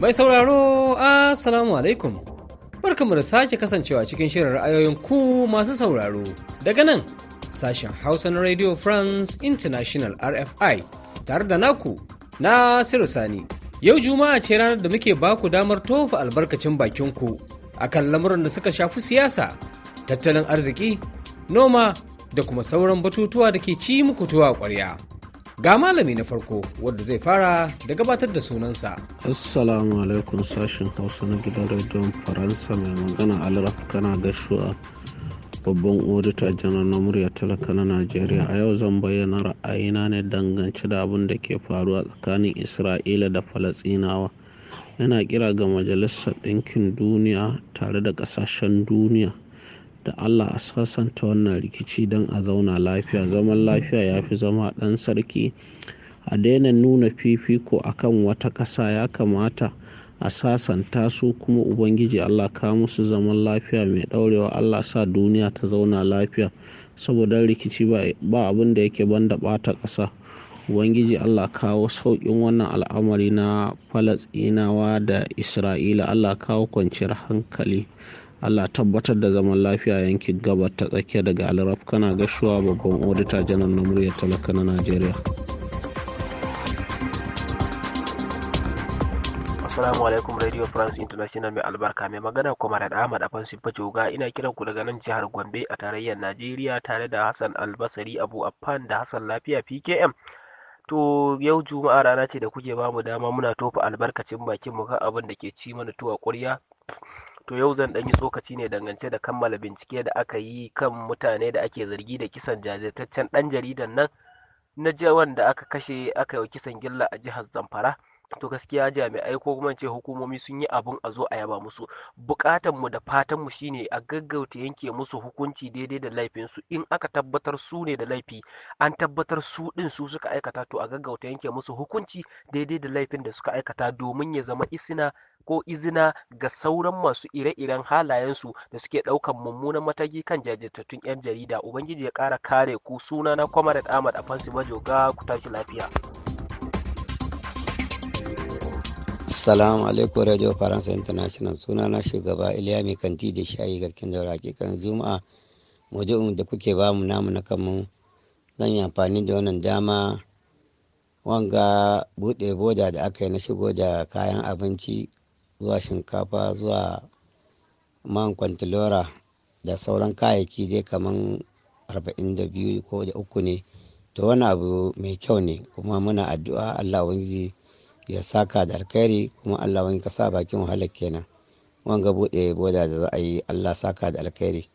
Mai sauraro, Assalamu alaikum. mu da sake kasancewa cikin shirin ra'ayoyin ku masu sauraro. Daga nan, sashen Hausa na Radio France International RFI tare da naku na Sani. Yau Juma'a ce ranar da muke baku damar tofa albarkacin bakinku a kan lamuran da suka shafi siyasa, tattalin arziki, noma da kuma sauran batutuwa da ke ci muku tuwa ƙwarya. Ga malami na farko wanda zai fara da gabatar da sunansa. Assalamu alaikum sashen Hausa na gidan rediyon Faransa mai magana Alraf kana gashuwa babban odita janar na murya talaka na Najeriya a yau zan bayyana ra'ayina ne dangance da abin da ke faruwa tsakanin Isra'ila da Falasinawa. Yana kira ga Majalisar Ɗinkin Duniya tare da ƙasashen duniya da allah a sasanta wannan rikici don a zauna lafiya zaman lafiya ya fi zama ɗan sarki a daina nuna fifiko a kan wata ƙasa ya kamata a sasanta su kuma ubangiji allah ka musu zaman lafiya mai ɗaurewa allah sa duniya ta zauna lafiya saboda rikici ba abin da yake da ɓata ƙasa ubangiji allah kawo sauƙin wannan al'amari na falasɗinawa da isra'ila allah kawo kwanciyar hankali Allah tabbatar da zaman lafiya yankin gabar ta tsakiya daga Alraf kana gashuwa babban odita janar na muryar talaka na Najeriya. Assalamu alaikum Radio France International mai albarka mai magana kuma da Ahmad Afan Sifajoga ina kiran ku daga nan jihar Gombe a tarayyar Najeriya tare da Hassan Albasari Abu Affan da Hassan Lafiya PKM. To yau Juma'a rana ce da kuke bamu dama muna tofa albarkacin bakin mu kan abin da ke ci mana tuwa ƙurya to yau zan ɗan yi tsokaci ne dangance da kammala bincike da aka yi kan mutane da ake zargi da kisan jajirtaccen ɗan jaridan nan na da aka kashe aka yi kisan gilla a jihar zamfara to gaskiya jami'ai ko kuma ce hukumomi sun yi abun a zo a yaba musu bukatan mu da fatan mu shine a gaggauta yanke musu hukunci daidai da laifin su in aka tabbatar su ne da laifi an tabbatar su din su suka aikata to a gaggauta yanke musu hukunci daidai da laifin da suka aikata domin ya zama isina ko izina ga sauran masu ire-iren halayensu da suke ɗaukan mummunan mataki kan jajirtattun 'yan jarida ubangiji ya kara kare ku sunana comrade ahmad afansi bajoga ku tashi lafiya Assalamu alaikum Radio Faransa International suna na shugaba Iliya mai kanti da shayi garkin da hakikan Juma'a maudu'in da kuke ba mu namu na kanmu zan yi amfani da wannan dama wanga bude boda da aka yi na shigo da kayan abinci zuwa shinkafa zuwa man kwantilora da sauran kayayyaki dai kaman biyu ko da uku ne to wani abu mai kyau ne kuma muna addu'a Allah ubangiji ya saka da alkhairi kuma Allah wani kasa bakin wahalar kenan wanga bude boda da za a yi Allah saka da alkhairi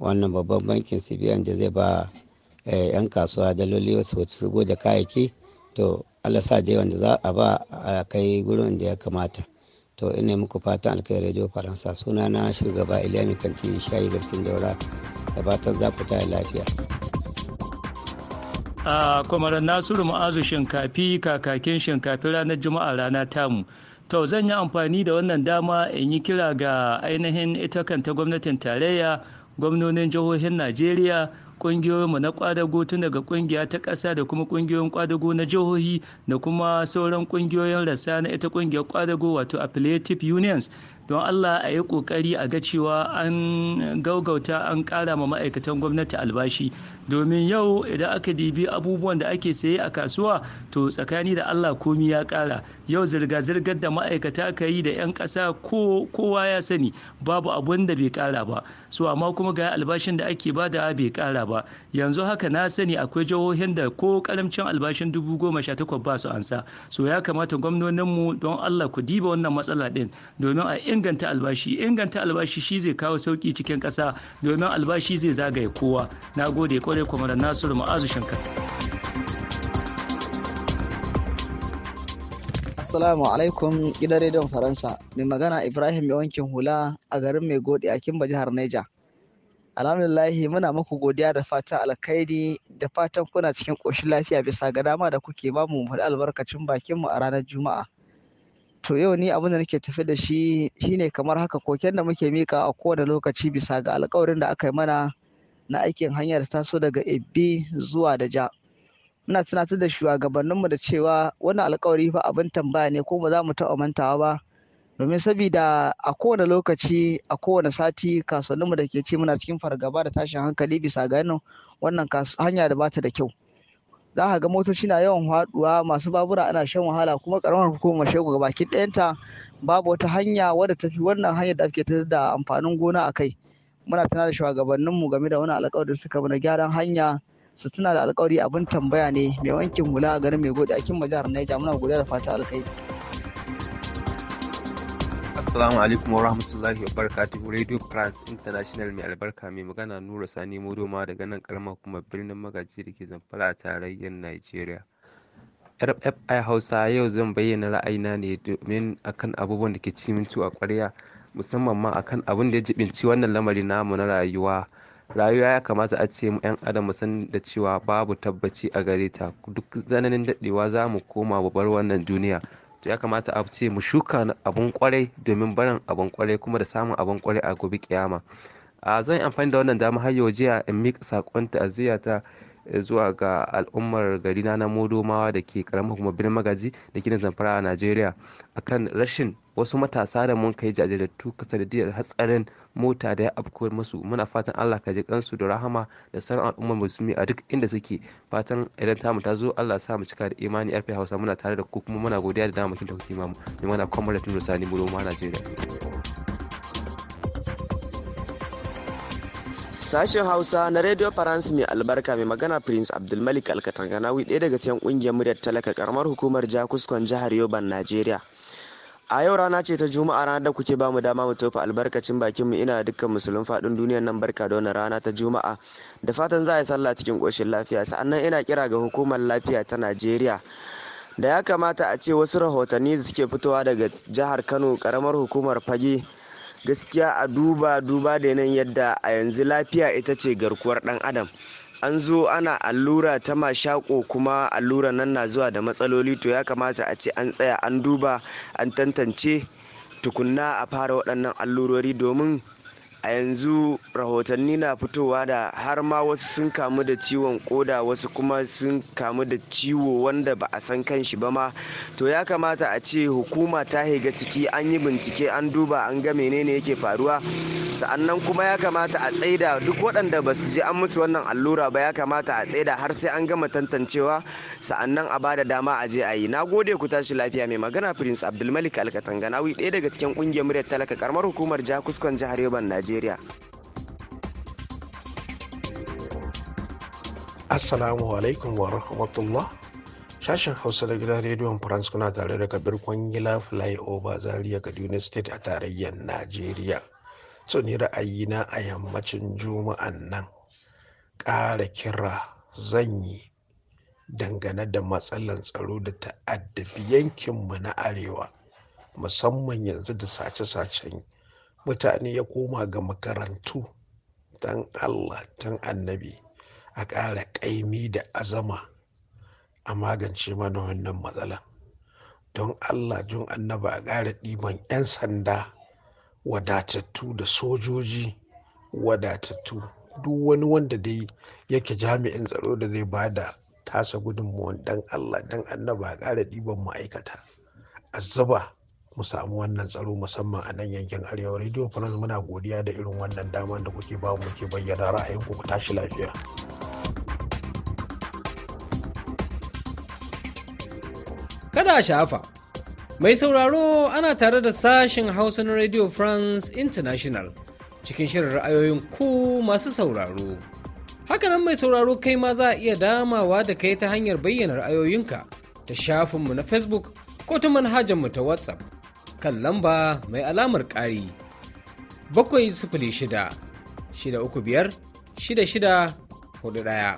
wannan babban bankin CBN da zai ba eh, yan kasuwa daloli wasu su shigo da kayayyaki to Allah sa je wanda za a ba a kai gurin da ya kamata to ina muku fatan alkhairi radio faransa sunana shugaba iliyami kanti shayi garkin daura da fatan za ku ta lafiya a kwamarar nasiru ma'azu shinkafi kakakin shinkafi ranar juma'a rana tamu to zan yi amfani da wannan dama in yi kira ga ainihin ita kanta gwamnatin tarayya gwamnonin jihohin najeriya kungiyoyinmu na kwadago tun daga kungiya ta ƙasa da kuma kungiyoyin kwadago na jihohi da kuma sauran ƙungiyoyin rasa na ita kungiyar kwadago wato affiliative unions don allah a yi ƙoƙari a ga cewa an gaugauta an ƙara ma ma'aikatan gwamnati albashi domin yau idan aka dibi abubuwan da ake saye a kasuwa to tsakani da allah komi ya ƙara yau zirga-zirgar da ma'aikata ka yi da 'yan ƙasa kowa ya sani babu abun da bai ƙara ba so amma kuma ga albashin da ake bada bai ƙara ba yanzu haka na sani akwai jihohin da ko karamcin albashin dubu goma sha takwas ba su ansa so ya kamata gwamnoninmu don allah ku diba wannan matsala ɗin domin a inganta albashi inganta albashi shi zai kawo sauki cikin ƙasa domin albashi zai zagaye kowa na gode kwarai kwamar nasiru ma'azu shankar Assalamu alaikum gidan rediyon Faransa. Mai magana Ibrahim wankin hula a garin mai gode a Kimba jihar Neja. Alhamdulillahi muna muku godiya da fatan alkhairi da fatan kuna cikin ƙoshin lafiya bisa ga dama da kuke bamu mu faɗi albarkacin bakinmu a ranar Juma'a. To yau ni abin da nake tafi da shi shine kamar haka koken da muke mika a kowane lokaci bisa ga alkawarin da aka yi mana na aikin hanyar taso daga Ebbi zuwa da Ja. Muna tunatar da shugabanninmu da cewa wannan alkawari fa abin tambaya ne ko ba za mu taɓa mantawa ba. Domin sabida a kowane lokaci a kowane sati kasuwanninmu da ke ce muna cikin fargaba da tashin hankali bisa ga wannan hanya da bata da kyau. Za ka ga motoci na yawan haɗuwa masu babura ana shan wahala kuma karamar hukumar shego baki ɗayanta babu wata hanya wadda ta fi wannan hanyar da ake tattara da amfanin gona a kai muna tana da shugabanninmu game da wani alƙawarin suka mana gyaran hanya su tuna da alƙawari abin tambaya ne mai wankin hula a garin mai gode a kin jihar ja muna godiya da fata alkai Assalamu alaikum wa rahmatullahi wa barakatuhu Radio France International mai albarka mai magana Nura Sani Modoma daga nan karamar kuma birnin magaji da ke zamfara a tarayyar Najeriya. RFI Hausa yau zan bayyana ra'ayina ne domin akan abubuwan da ke ci mintu a ƙwarya musamman ma akan abin da ya jibinci wannan lamari namu na rayuwa. Rayuwa ya kamata a ce mu 'yan adam mu san da cewa babu tabbaci a gare ta duk zananin daɗewa za mu koma mu wannan duniya to ya kamata a ce mu shuka abun kwarai domin barin abun kwarai kuma da samun abun kwarai a gobe kiyama a zan yi amfani da wannan dama har yau jiya in miƙa saƙon ta'aziyya ta zuwa ga al'ummar gari na modomawa da ke karamar hukumar birnin magaji da gina zamfara a najeriya akan rashin wasu matasa da mun kai kasa da diyar hatsarin mota da ya afko masu muna fatan allah ka ji kansu da rahama da sauran al'ummar musulmi a duk inda suke fatan idan ta mu ta zo allah sa mu cika da imani yarfe hausa muna tare da ku kuma muna godiya da damakin da kuke mamu ne mana kwamar da tun da sani mu najeriya Sashen Hausa na Radio France mai albarka mai magana Prince Abdulmalik Alkatanganawi ɗaya daga cikin ƙungiyar muryar talaka karamar hukumar Jakuskon jihar Yoban Najeriya. A yau rana ce ta Juma'a ranar da kuke bamu dama mu tofa albarkacin bakin mu ina dukkan musulun faɗin duniyar nan barka da wannan rana ta Juma'a. Da fatan za a yi sallah cikin ƙoshin lafiya sa'annan ina kira ga hukumar lafiya ta Najeriya. Da ya kamata a ce wasu rahotanni da suke fitowa daga jihar Kano karamar hukumar Fage gaskiya a duba duba da yanayin yadda a yanzu lafiya ita ce garkuwar ɗan adam an zo ana allura ta mashako kuma allura nan na zuwa da matsaloli to ya kamata a ce an tsaya an duba an tantance tukunna a fara waɗannan allurori domin a yanzu rahotanni na fitowa da har ma wasu sun kamu da ciwon koda wasu kuma sun kamu da ciwo wanda ba a san kan shi ba ma to ya kamata a ce hukuma ta higa ciki an yi bincike an duba an ga menene yake faruwa sa'annan kuma ya kamata a tsaida duk waɗanda ba su je an musu wannan allura ba ya kamata a tsaida har sai an gama tantancewa sa'annan a bada dama a je a yi na gode ku tashi lafiya mai magana prince abdulmalik alkatanganawi ɗaya daga cikin ƙungiyar muryar talaka karamar hukumar jakuskon jihar yoban najeriya Najeriya. Assalamu alaikum wa rahmatullah. Sashen Hausa da gidan rediyon France kuna tare da Kabir Kwangila Flyover Zaria Kaduna State a tarayyar Najeriya. So ni ra'ayina a yammacin juma'an nan. Ƙara kira zan yi dangane da matsalan tsaro da ta'addabi yankinmu na arewa musamman yanzu da sace-sacen mutane ya koma ga makarantu don allah don annabi a ƙara ƙaimi da azama a magance mana wannan matsala don allah don annaba a ƙara ɗiban 'yan sanda wadatattu da sojoji wadatattu duk wani wanda dai yake jami'in tsaro da zai ba da tasa gudunmuwan don allah dan annaba a ƙara ɗiban ma'aikata a zuba mu samu wannan tsaro musamman a nan yankin arewa radio france muna godiya da irin wannan dama da kuke ba mu ke bayyana ra'ayinku ku tashi lafiya kada shafa mai sauraro ana tare da sashen hausa na radio france international cikin shirin ra'ayoyin ku masu sauraro hakanan mai sauraro kai ma za a iya damawa da kai ta hanyar bayyana ra'ayoyinka ta shafinmu na facebook ko ta manhajar mu ta whatsapp kan lamba mai alamar ƙari bakwai sifili shida shida uku biyar shida shida hudu ɗaya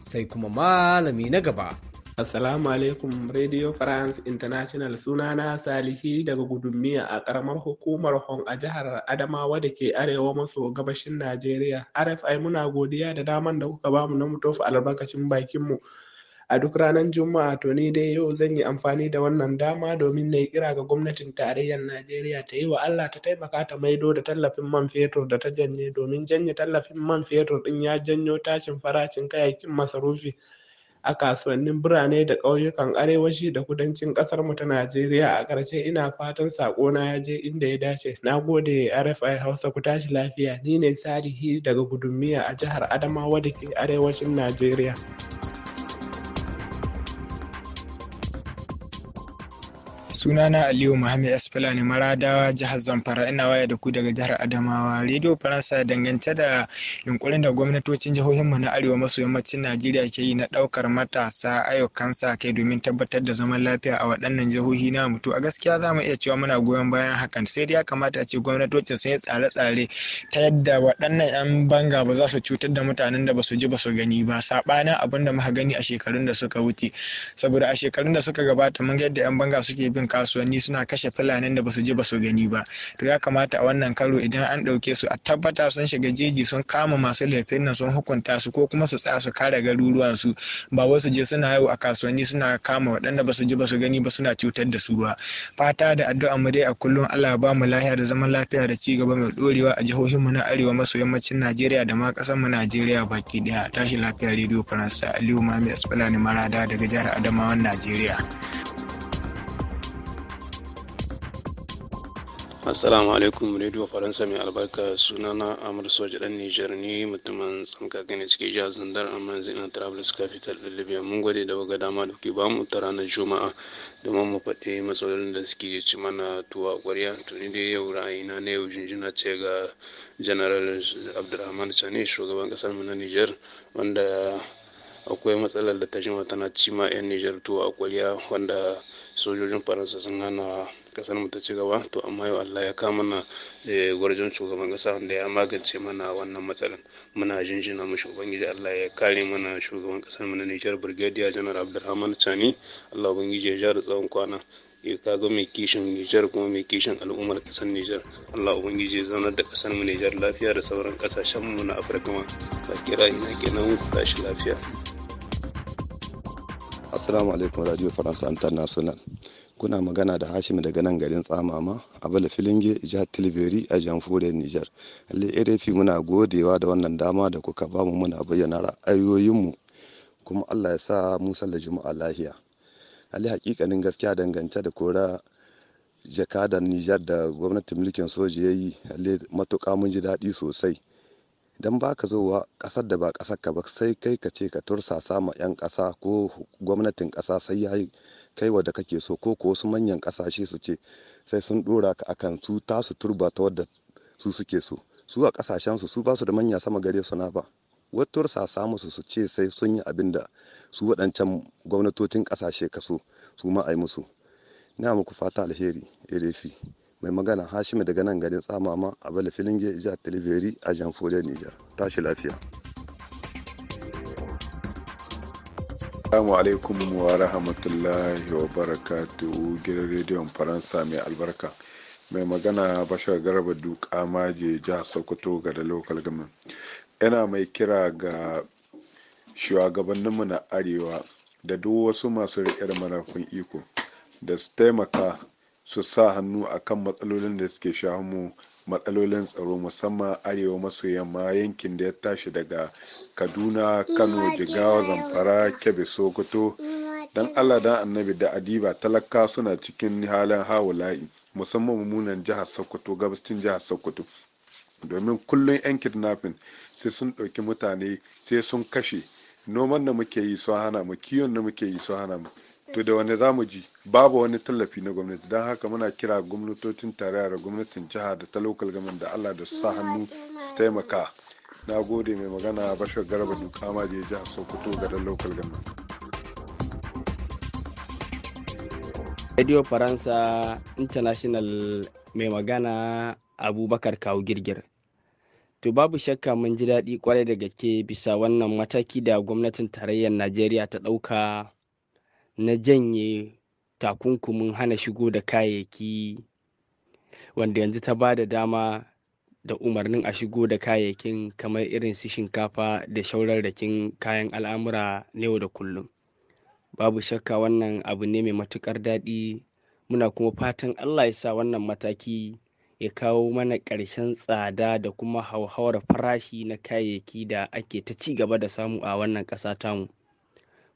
sai kuma malami na gaba. Assalamu alaikum Radio France International sunana Salihi daga gudunmiya a ƙaramar hukumar Hon a jihar Adamawa da ke arewa maso gabashin Najeriya. RFI muna godiya da daman da kuka bamu na mutofa albarkacin bakinmu. a duk ranar Juma'a to ni dai yau zan yi amfani da wannan dama domin na yi kira ga gwamnatin tarayyar Najeriya ta yi wa Allah ta taimaka ta maido da tallafin man fetur da ta janye domin janye tallafin man fetur din ya janyo tashin farashin kayayyakin masarufi a kasuwannin birane da ƙauyukan arewaci da kudancin ƙasar mu ta Najeriya a ƙarshe ina fatan sako na ya je inda ya dace na gode RFI Hausa ku tashi lafiya ni ne Salihi daga gudunmiya a jihar Adamawa da ke arewacin Najeriya. sunana aliyu muhammad s fulani maradawa jihar zamfara ina waya da ku daga jihar adamawa rediyo faransa dangance da yunkurin da gwamnatocin jihohin mu na arewa maso yammacin najeriya ke yi na daukar matasa ayyukan sa kai domin tabbatar da zaman lafiya a waɗannan jihohi na mutu a gaskiya za mu iya cewa muna goyon bayan hakan sai dai ya kamata a ce gwamnatocin sun yi tsare-tsare ta yadda waɗannan 'yan banga ba za su cutar da mutanen da ba su ji ba su gani ba saɓanin abin da muka gani a shekarun da suka wuce saboda a shekarun da suka gabata mun ga yadda 'yan banga suke bin kasuwanni suna kashe fulanin da basu je basu gani ba to ya kamata a wannan karo idan an ɗauke su a tabbata sun shiga jeji sun kama masu laifin nan sun hukunta su ko kuma su tsaya su kare garuruwan su ba wasu je suna yau a kasuwanni suna kama waɗanda basu je basu gani ba suna cutar da su ba fata da addu'a mu dai a kullum Allah ba mu lafiya da zaman lafiya da cigaba mai dorewa a mu na arewa maso yammacin Najeriya da ma ƙasar mu Najeriya baki daya tashi lafiya rediyo Faransa Aliyu Mami Asbalani Marada daga jihar Adamawan Najeriya. assalamu alaikum radio faransa mai albarka sunana amur soja dan nijar ni mutumin tsankaka ne cikin jihar zandar amma yanzu ina travelers capital da libya mun gode da waga dama da ke ba mu ta ranar juma'a domin mu faɗi matsalolin da suke ci mana tuwa ƙwarya to ni dai yau ra'ayina na yau jinjina ce ga general abdulrahman chani shugaban kasar mu na nijar wanda akwai matsalar da ta jima tana cima 'yan nijar tuwa ƙwarya wanda sojojin faransa sun hana kasar mu ta ci gaba to amma yau Allah ya kama mana eh, gwarjon shugaban kasa wanda ya magance mana wannan matsalan muna jinjina mu ubangiji Allah ya kare mana shugaban kasar mu na Nijar Brigadier General Abdulrahman Chani Allah ubangiji ya jara tsawon kwana ya kaga mai kishin Nijar kuma mai kishin al'ummar kasar Nijar Allah ubangiji ya zanar da kasar mu Nijar lafiya da sauran kasashen mu na Afirka ma ba kira ina kenan ku tashi lafiya Assalamu alaikum Radio France International. kuna magana da Hashim daga nan garin Tsamama a Bala Filinge jihar Tilberi a jamhuriyar Nijar. Lalle RFI muna godewa da wannan dama da kuka ba mu muna bayyana ra'ayoyinmu kuma Allah ya sa musa da juma'a lahiya. hali hakikanin gaskiya dangance da kora jakadar Nijar da gwamnatin mulkin soja ya yi lalle matuƙa mun ji daɗi sosai. Idan ba ka zowa ƙasar da ba ƙasar ka ba sai kai ka ce ka tursasa ma 'yan ƙasa ko gwamnatin ƙasa sai ya yi kai wadda kake so ko ko wasu manyan kasashe su ce sai sun dora ka akan su tasu turba ta wadda su suke so su a kasashen su su ba su da manya sama gare su na ba wattuwar sa musu su ce sai sun yi abin da su waɗancan gwamnatocin kasashe so su ma ai musu na muku fata alheri erefi mai magana hashimi daga nan garin tsamama a filin filinge jihar talibiri a jamfuriyar niger tashi lafiya Assalamu alaikum wa rahmatullahi wa barakatuhu gidan rediyon Faransa mai albarka. Mai magana Bashar Garba Duka Maje jihar Sokoto ga da local government. Yana mai kira ga shugabanninmu na Arewa da duk wasu masu riƙe da marafin iko da su taimaka su sa hannu akan matsalolin da suke shahunmu matsalolin tsaro musamman arewa maso yamma yankin da ya tashi daga kaduna kano jigawa zamfara kebbi sokoto don allah don annabi da adiba talaka suna cikin halin hawula'i musamman mummunan jihar sokoto gabashin jihar sokoto domin kullum 'yan kidnapping sai sun ɗauki mutane sai sun kashe noman da muke yi sun hana mu kiwon da muke yi sun hana mu to da wani zamu ji babu wani tallafi na gwamnati don haka muna kira gwamnatocin tarayya da gwamnatin jiha da ta lokal gamin da allah da sa hannu su taimaka na gode mai magana bashar garba duka ma je jihar sokoto ga da lokal gamin. radio faransa international mai magana abubakar kawo girgir to babu shakka mun ji daɗi kwarai da gaske bisa wannan mataki da gwamnatin tarayyar najeriya ta ɗauka na janye takunkumin hana shigo da kayayyaki wanda yanzu ta ba da dama da umarnin a shigo da kayayyakin kamar irin su shinkafa da shaurarrakin kayan al'amura na yau da kullum babu shakka wannan abu ne mai matukar daɗi muna kuma fatan allah ya sa wannan mataki ya kawo mana ƙarshen tsada da kuma hauhawar farashi na kayayyaki da ake ta ci gaba da samu a wannan ƙasa tamu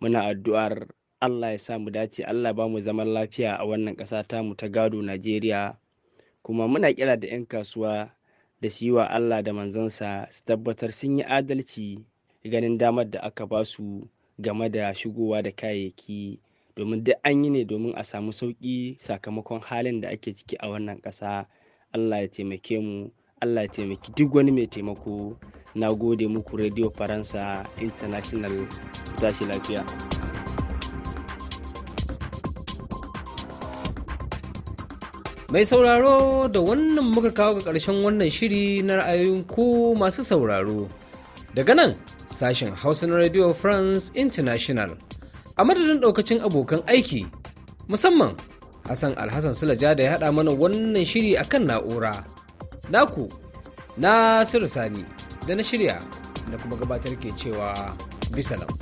muna addu'ar Allah ya sa mu dace Allah ba mu zaman lafiya a wannan ƙasa ta mu ta gado Najeriya kuma muna kira da 'yan kasuwa da su yi wa Allah da manzansa su tabbatar sun yi adalci ganin damar da aka ba su game da shigowa da kayayyaki domin duk an yi ne domin a samu sauƙi sakamakon halin da ake ciki a wannan ƙasa Allah ya taimake mu Allah ya taimaki duk wani mai taimako na gode muku radio faransa international tashi lafiya Mai sauraro da wannan muka kawo ga ƙarshen wannan shiri na ra'ayoyin ku masu sauraro. Daga nan sashen Hausa na Radio France International. A madadin ɗaukacin abokan aiki, musamman Hassan Alhassan Sulaja da ya haɗa mana wannan shiri akan na'ura. Naku, na Sani, da na shirya da kuma gabatar ke cewa bisalam.